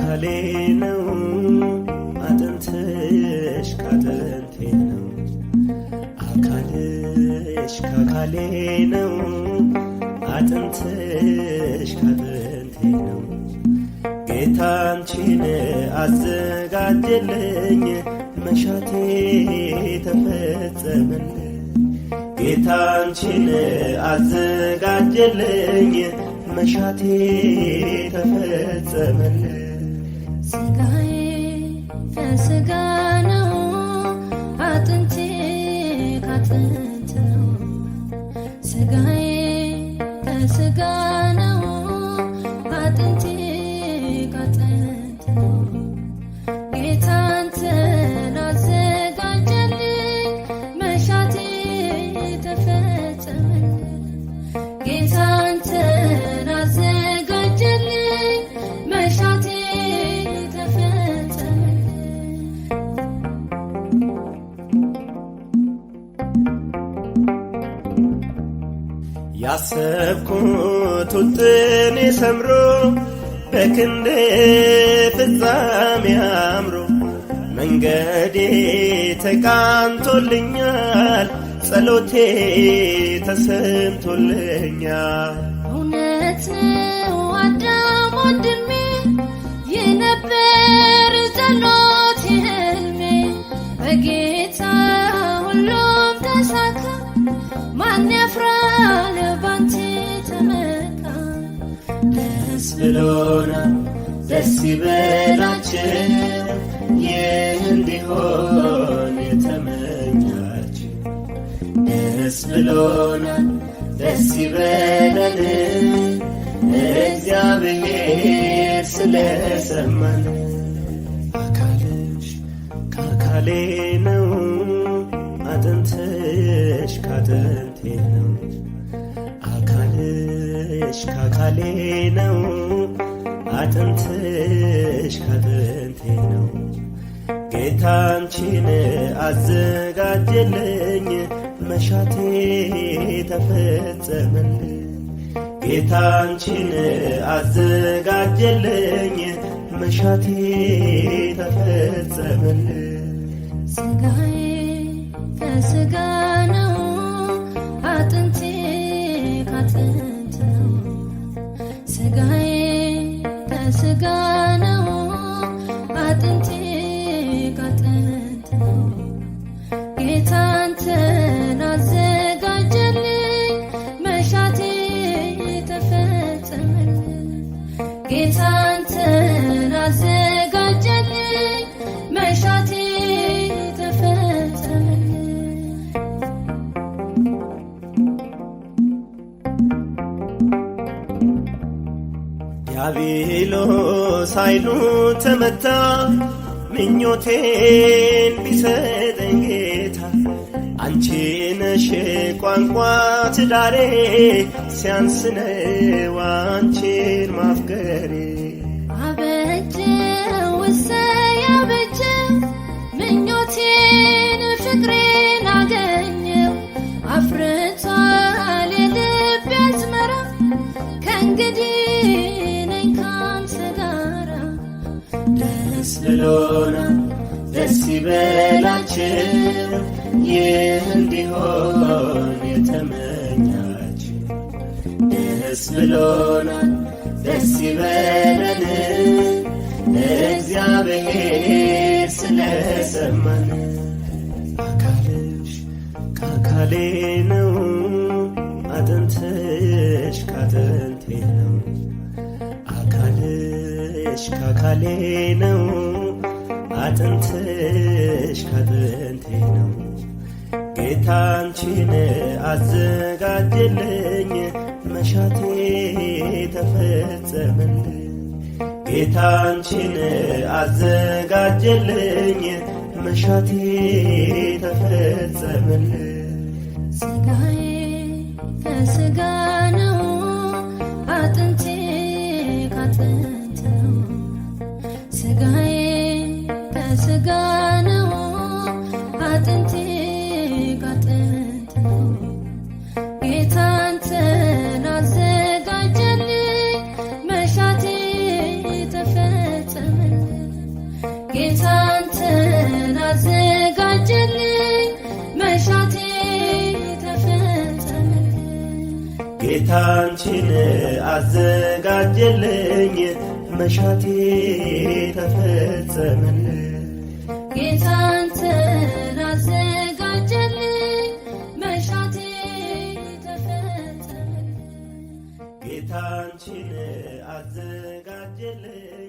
አካሌ ነው አጥንትሽ ካጥንቴ ነው አካልሽ ካካሌ ነው አጥንትሽ ካጥንቴ ነው ጌታ አንቺን አዘጋጀልኝ መሻቴ ተፈጸመልኝ ጌታ አንቺን አዘጋጀልኝ መሻቴ ተፈጸመልኝ ስጋዬ ከስጋ ነው፣ አጥንቴ ከአጥንት ነው። ስጋዬ ከስጋ ያሰብኩት ውጥኔ ሰምሮ በክንዴ ፍጻሜ አምሮ መንገዴ ተቃንቶልኛል፣ ጸሎቴ ተሰምቶልኛል። እውነት ነው አዳም ወንድሜ የነበር ጸሎት የህልሜ በጌታ ሁሉም ተሳካ ማን ያፍራ ብሎን ደስ ይበላችን ይህ እንዲሆን የተመኛችን ደስ ብሎን ደስ ይበለን እግዚአብሔር ስለሰማን። አካልሽ ከአካሌ ነው፣ አጥንትሽ ካጥንቴ ነው አጥንትሽ ካካሌ ነው አጥንትሽ ካጥንቴ ነው አዘጋጀልኝ መሻቴ ተፈጸመልኝ አዘጋጀልኝ መሻቴ ተፈጸመልኝ ስጋዬ gonna. ሳይሉ ተመታ ምኞቴን ቢሰጠኝ ጌታ አንቺ ነሽ ቋንቋ ትዳሬ ሲያንስነ ዋንቺን ማፍቀሬ ደስ ብሎና ደስ ይበላችሁ ይህ እንዲሆን የተመኛችሁ ደስ ብሎና ደስ ይበለን እግዚአብሔር ስለሰማን አካልሽ ከአካሌ ነው አጥንትሽ ካጥንቴ ካካሌ ነው አጥንትሽ ካጥንቴ ነው ጌታ አንቺን አዘጋጀልኝ መሻቴ ጌታ አንቺን አዘጋጀልኝ መሻቴ ነው አጥንቴ ካጥንቴ ከአጥንቴ ከአጥንቴ ጌታ አንተን አዘጋጀልኝ መሻቴ ተፈጸመልኝ ጌታ